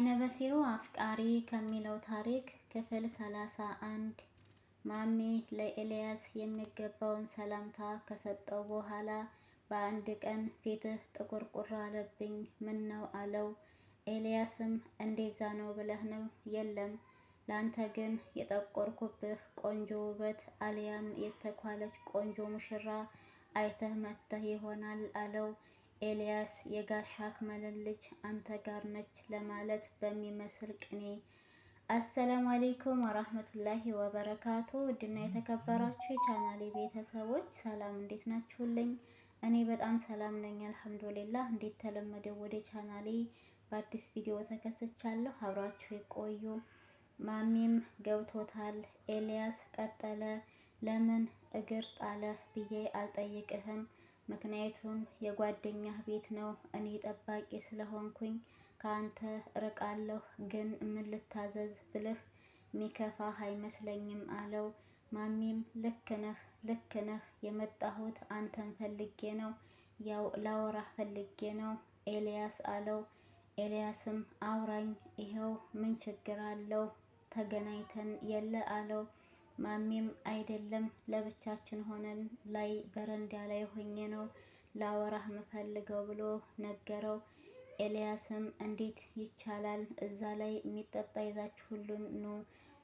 አይነ በሲሩ አፍቃሪ ከሚለው ታሪክ ክፍል ሰላሳ አንድ ማሚ ለኤልያስ የሚገባውን ሰላምታ ከሰጠው በኋላ በአንድ ቀን ፊትህ ጥቁር አለብኝ ምን ነው አለው። ኤልያስም እንዴዛ ነው ብለህ ነው? የለም ላንተ ግን የጠቆርኩብህ ቆንጆ ውበት አልያም የተኳለች ቆንጆ ሙሽራ አይተህ መጥተህ ይሆናል አለው። ኤልያስ የጋሻ አክመልን ልጅ አንተ ጋር ነች ለማለት በሚመስል ቅኔ። አሰላሙ አሌይኩም ወራህመቱላሂ ወበረካቱ። ውድና የተከበራችሁ የቻናሌ ቤተሰቦች ሰላም፣ እንዴት ናችሁልኝ? እኔ በጣም ሰላም ነኝ አልሐምዱሊላህ። እንዴት ተለመደው ወደ ቻናሌ በአዲስ ቪዲዮ ተከስቻለሁ። አብራችሁ የቆዩ ማሚም ገብቶታል። ኤልያስ ቀጠለ። ለምን እግር ጣለ ብዬ አልጠይቅህም ምክንያቱም የጓደኛ ቤት ነው። እኔ ጠባቂ ስለሆንኩኝ ከአንተ እርቃለሁ፣ ግን ምን ልታዘዝ ብልህ ሚከፋ አይመስለኝም አለው። ማሚም ልክ ነህ፣ ልክ ነህ፣ የመጣሁት አንተን ፈልጌ ነው፣ ያው ላወራህ ፈልጌ ነው ኤልያስ አለው። ኤልያስም አውራኝ፣ ይኸው ምን ችግር አለው ተገናኝተን የለ አለው። ማሜም አይደለም ለብቻችን ሆነን ላይ በረንዳ ላይ ሆኜ ነው ላወራህ ምፈልገው ብሎ ነገረው። ኤልያስም እንዴት ይቻላል እዛ ላይ የሚጠጣ ይዛችሁ ሁሉን ነው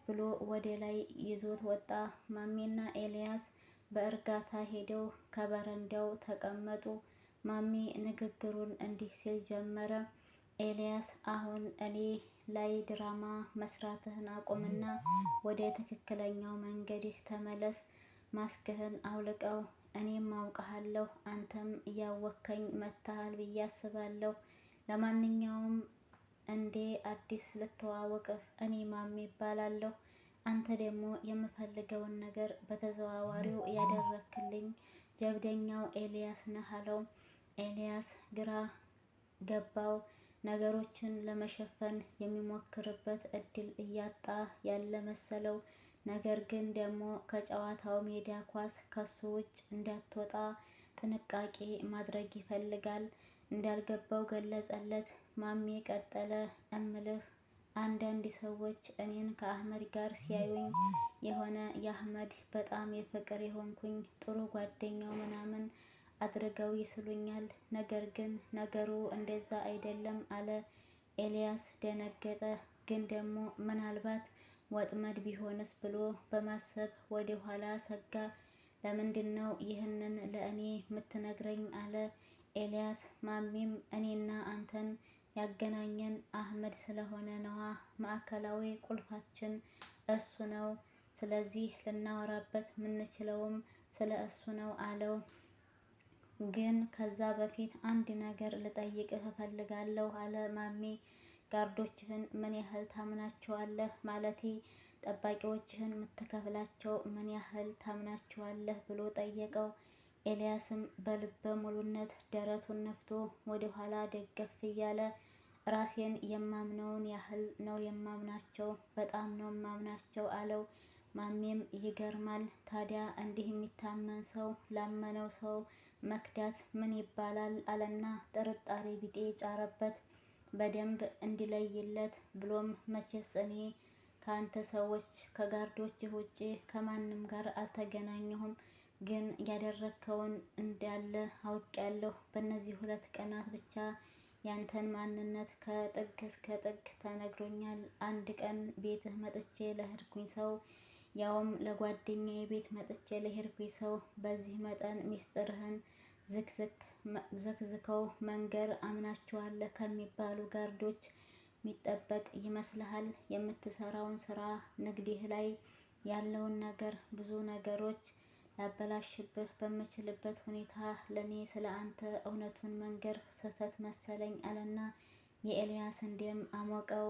ብሎ ወደ ላይ ይዞት ወጣ። ማሜና ኤልያስ በእርጋታ ሄደው ከበረንዳው ተቀመጡ። ማሜ ንግግሩን እንዲህ ሲል ጀመረ። ኤልያስ አሁን እኔ ላይ ድራማ መስራትህን አቁምና ወደ ትክክለኛው መንገድህ ተመለስ። ማስክህን አውልቀው። እኔም አውቀሃለሁ አንተም እያወከኝ መታሃል ብዬ አስባለሁ። ለማንኛውም እንዴ አዲስ ልተዋወቅህ፣ እኔ ማሜ ይባላለሁ። አንተ ደግሞ የምፈልገውን ነገር በተዘዋዋሪው ያደረክልኝ ጀብደኛው ኤልያስ ነህ አለው። ኤልያስ ግራ ገባው። ነገሮችን ለመሸፈን የሚሞክርበት እድል እያጣ ያለ መሰለው። ነገር ግን ደግሞ ከጨዋታው ሜዳ ኳስ ከሱ ውጭ እንዳትወጣ ጥንቃቄ ማድረግ ይፈልጋል። እንዳልገባው ገለጸለት። ማሜ ቀጠለ፣ እምልህ አንዳንድ ሰዎች እኔን ከአህመድ ጋር ሲያዩኝ የሆነ የአህመድ በጣም የፍቅር የሆንኩኝ ጥሩ ጓደኛው ምናምን አድርገው ይስሉኛል፣ ነገር ግን ነገሩ እንደዛ አይደለም አለ። ኤልያስ ደነገጠ። ግን ደግሞ ምናልባት ወጥመድ ቢሆንስ ብሎ በማሰብ ወደ ኋላ ሰጋ። ለምንድን ነው ይህንን ለእኔ የምትነግረኝ? አለ ኤልያስ። ማሚም እኔና አንተን ያገናኘን አህመድ ስለሆነ ነዋ። ማዕከላዊ ቁልፋችን እሱ ነው። ስለዚህ ልናወራበት የምንችለውም ስለ እሱ ነው አለው። ግን ከዛ በፊት አንድ ነገር ልጠይቅህ እፈልጋለሁ አለ ማሚ ጋርዶችህን ምን ያህል ታምናቸዋለህ? ማለቴ ጠባቂዎችህን የምትከፍላቸው ምን ያህል ታምናቸዋለህ ብሎ ጠየቀው። ኤልያስም በልበ ሙሉነት ደረቱን ነፍቶ ወደኋላ ደገፍ እያለ ራሴን የማምነውን ያህል ነው የማምናቸው፣ በጣም ነው የማምናቸው አለው። ማሜም ይገርማል ታዲያ እንዲህ የሚታመን ሰው ላመነው ሰው መክዳት ምን ይባላል አለና ጥርጣሬ ቢጤ ጫረበት። በደንብ እንዲለይለት ብሎም መቼስ እኔ ከአንተ ሰዎች ከጋርዶች ውጪ ከማንም ጋር አልተገናኘሁም፣ ግን ያደረግከውን እንዳለ አውቄያለሁ። በእነዚህ ሁለት ቀናት ብቻ ያንተን ማንነት ከጥግ እስከ ጥግ ተነግሮኛል። አንድ ቀን ቤትህ መጥቼ ለህድኩኝ ሰው ያውም ለጓደኛ የቤት መጥቼ ለሄድኩኝ ሰው በዚህ መጠን ሚስጥርህን ዘክዝከው መንገር አምናችኋለ ከሚባሉ ጋርዶች ሚጠበቅ ይመስልሃል? የምትሰራውን ስራ፣ ንግድህ ላይ ያለውን ነገር ብዙ ነገሮች ላበላሽብህ በምችልበት ሁኔታ ለእኔ ስለ አንተ እውነቱን መንገር ስህተት መሰለኝ አለና የኤልያስ እንዲም አሞቀው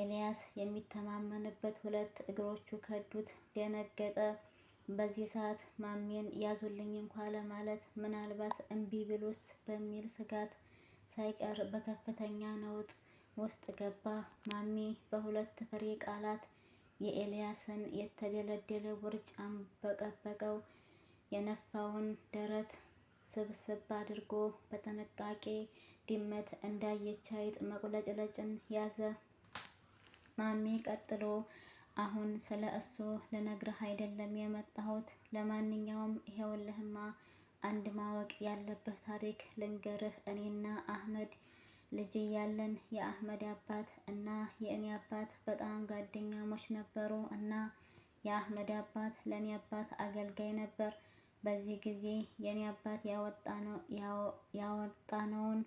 ኤልያስ የሚተማመንበት ሁለት እግሮቹ ከዱት፣ ደነገጠ። በዚህ ሰዓት ማሜን ያዙልኝ እንኳ ለማለት ምናልባት እምቢ ብሉስ በሚል ስጋት ሳይቀር በከፍተኛ ነውጥ ውስጥ ገባ። ማሚ በሁለት ፍሬ ቃላት የኤልያስን የተደለደለ ውርጭ አንበቀበቀው። የነፋውን ደረት ስብስብ አድርጎ በጥንቃቄ ድመት እንዳየች አይጥ መቁለጭለጭን ያዘ። ማሜ ቀጥሎ አሁን ስለ እሱ ልነግርህ አይደለም የመጣሁት። ለማንኛውም ይሄውልህማ አንድ ማወቅ ያለብህ ታሪክ ልንገርህ። እኔና አህመድ ልጅ እያለን የአህመድ አባት እና የእኔ አባት በጣም ጓደኛሞች ነበሩ እና የአህመድ አባት ለእኔ አባት አገልጋይ ነበር። በዚህ ጊዜ የእኔ አባት ያወጣነውን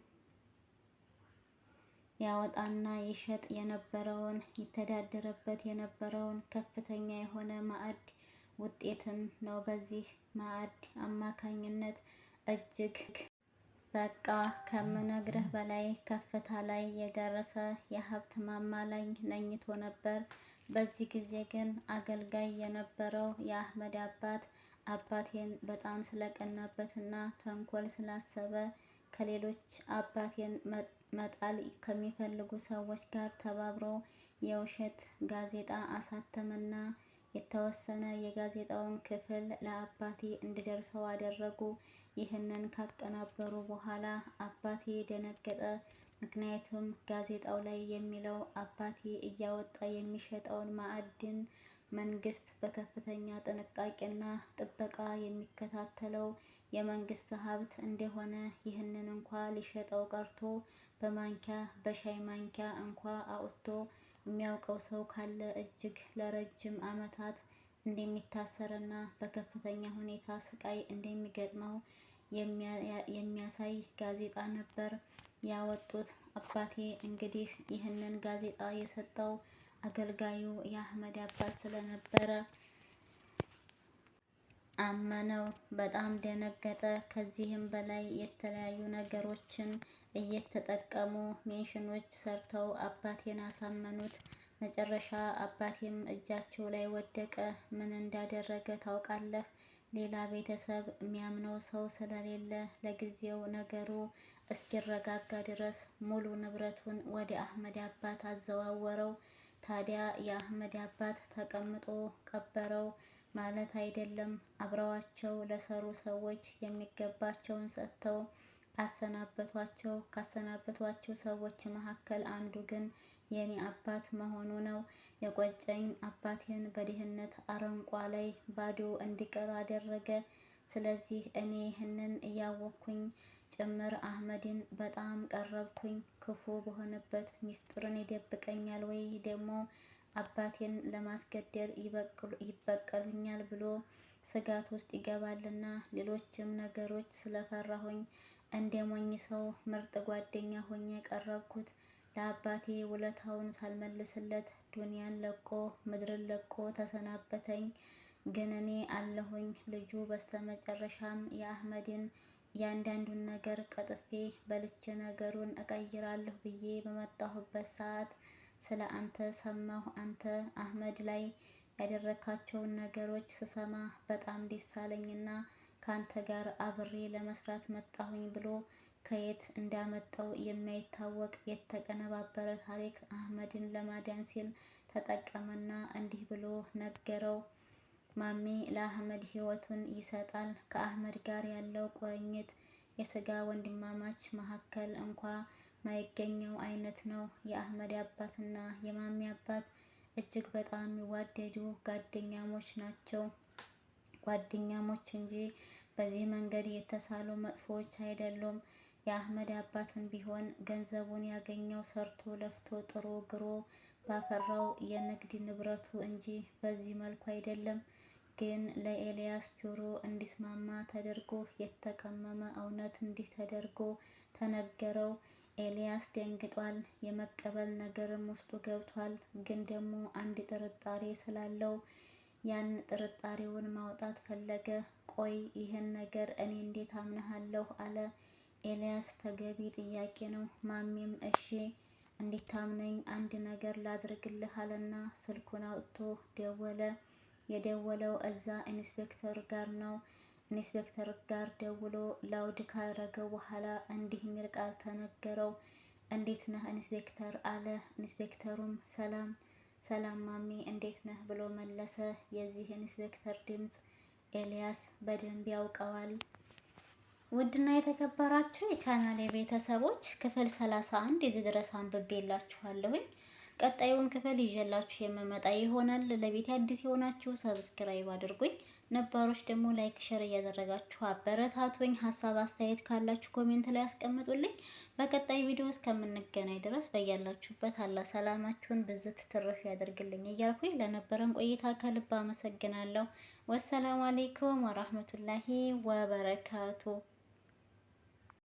ያወጣና ይሸጥ የነበረውን ይተዳደርበት የነበረውን ከፍተኛ የሆነ ማዕድ ውጤትን ነው። በዚህ ማዕድ አማካኝነት እጅግ በቃ ከምነግርህ በላይ ከፍታ ላይ የደረሰ የሀብት ማማ ላይ ነኝቶ ነበር። በዚህ ጊዜ ግን አገልጋይ የነበረው የአህመድ አባት አባቴን በጣም ስለቀናበትና ተንኮል ስላሰበ ከሌሎች አባቴን መጣል ከሚፈልጉ ሰዎች ጋር ተባብሮ የውሸት ጋዜጣ አሳተመና የተወሰነ የጋዜጣውን ክፍል ለአባቴ እንዲደርሰው አደረጉ። ይህንን ካቀናበሩ በኋላ አባቴ ደነገጠ። ምክንያቱም ጋዜጣው ላይ የሚለው አባቴ እያወጣ የሚሸጠውን ማዕድን መንግስት በከፍተኛ ጥንቃቄና ጥበቃ የሚከታተለው የመንግስት ሀብት እንደሆነ ይህንን እንኳ ሊሸጠው ቀርቶ በማንኪያ በሻይ ማንኪያ እንኳ አውጥቶ የሚያውቀው ሰው ካለ እጅግ ለረጅም ዓመታት እንደሚታሰርና በከፍተኛ ሁኔታ ስቃይ እንደሚገጥመው የሚያሳይ ጋዜጣ ነበር ያወጡት። አባቴ እንግዲህ ይህንን ጋዜጣ የሰጠው አገልጋዩ የአህመድ አባት ስለነበረ አመነው። በጣም ደነገጠ። ከዚህም በላይ የተለያዩ ነገሮችን እየተጠቀሙ ሜንሽኖች ሰርተው አባቴን አሳመኑት። መጨረሻ አባቴም እጃቸው ላይ ወደቀ። ምን እንዳደረገ ታውቃለህ? ሌላ ቤተሰብ የሚያምነው ሰው ስለሌለ ለጊዜው ነገሩ እስኪረጋጋ ድረስ ሙሉ ንብረቱን ወደ አህመድ አባት አዘዋወረው። ታዲያ የአህመድ አባት ተቀምጦ ቀበረው። ማለት አይደለም። አብረዋቸው ለሰሩ ሰዎች የሚገባቸውን ሰጥተው አሰናበቷቸው። ካሰናበቷቸው ሰዎች መካከል አንዱ ግን የኔ አባት መሆኑ ነው የቆጨኝ። አባቴን በድህነት አረንቋ ላይ ባዶ እንዲቀር አደረገ። ስለዚህ እኔ ይህንን እያወቅኩኝ ጭምር አህመድን በጣም ቀረብኩኝ። ክፉ በሆነበት ሚስጥርን ይደብቀኛል ወይ ደግሞ አባቴን ለማስገደል ይበቀሉኛል ብሎ ስጋት ውስጥ ይገባልና ሌሎችም ነገሮች ስለፈራሁኝ እንደ ሞኝ ሰው ምርጥ ጓደኛ ሆኜ የቀረብኩት ለአባቴ ውለታውን ሳልመልስለት ዱንያን ለቆ ምድርን ለቆ ተሰናበተኝ። ግን እኔ አለሁኝ። ልጁ በስተመጨረሻም የአህመድን እያንዳንዱን ነገር ቀጥፌ በልቼ ነገሩን እቀይራለሁ ብዬ በመጣሁበት ሰዓት ስለ አንተ ሰማሁ። አንተ አህመድ ላይ ያደረካቸውን ነገሮች ስሰማ በጣም ደስ አለኝና ከአንተ ጋር አብሬ ለመስራት መጣሁኝ ብሎ ከየት እንዳመጣው የማይታወቅ የተቀነባበረ ታሪክ አህመድን ለማዳን ሲል ተጠቀመና እንዲህ ብሎ ነገረው። ማሚ ለአህመድ ህይወቱን ይሰጣል። ከአህመድ ጋር ያለው ቁርኝት የስጋ ወንድማማች መካከል እንኳ ማይገኘው አይነት ነው። የአህመድ አባት እና የማሚ አባት እጅግ በጣም የሚዋደዱ ጓደኛሞች ናቸው። ጓደኛሞች እንጂ በዚህ መንገድ የተሳሉ መጥፎዎች አይደሉም። የአህመድ አባትም ቢሆን ገንዘቡን ያገኘው ሰርቶ ለፍቶ ጥሮ ግሮ ባፈራው የንግድ ንብረቱ እንጂ በዚህ መልኩ አይደለም። ግን ለኤልያስ ጆሮ እንዲስማማ ተደርጎ የተቀመመ እውነት እንዲህ ተደርጎ ተነገረው። ኤልያስ ደንግጧል። የመቀበል ነገርም ውስጡ ገብቷል። ግን ደግሞ አንድ ጥርጣሬ ስላለው ያን ጥርጣሬውን ማውጣት ፈለገ። ቆይ ይህን ነገር እኔ እንዴት አምነሃለሁ አለ ኤልያስ። ተገቢ ጥያቄ ነው። ማሚም እሺ እንዲታምነኝ አንድ ነገር ላድርግልህ አለና ስልኩን አውጥቶ ደወለ። የደወለው እዛ ኢንስፔክተር ጋር ነው። ኢንስፔክተር ጋር ደውሎ ላውድ ካረገ በኋላ እንዲህ የሚል ቃል ተነገረው። እንዴት ነህ ኢንስፔክተር አለ። ኢንስፔክተሩም ሰላም ሰላም ማሚ እንዴት ነህ ብሎ መለሰ። የዚህ ኢንስፔክተር ድምፅ ኤልያስ በደንብ ያውቀዋል። ውድና የተከበራችሁ የቻናል የቤተሰቦች ክፍል 31 አንድ እዚህ ድረስ አንብቤላችኋለሁኝ። ቀጣዩን ክፍል ይዤላችሁ የምመጣ ይሆናል። ለቤት አዲስ የሆናችሁ ሰብስክራይብ አድርጉኝ። ነባሮች ደግሞ ላይክ ሸር እያደረጋችሁ አበረታቱኝ። ሀሳብ አስተያየት ካላችሁ ኮሜንት ላይ አስቀምጡልኝ። በቀጣይ ቪዲዮ እስከምንገናኝ ድረስ በያላችሁበት አላ ሰላማችሁን ብዝት ትርፍ ያደርግልኝ እያልኩኝ ለነበረን ቆይታ ከልብ አመሰግናለሁ። ወሰላሙ አሌይኩም ወራህመቱላሂ ወበረካቱ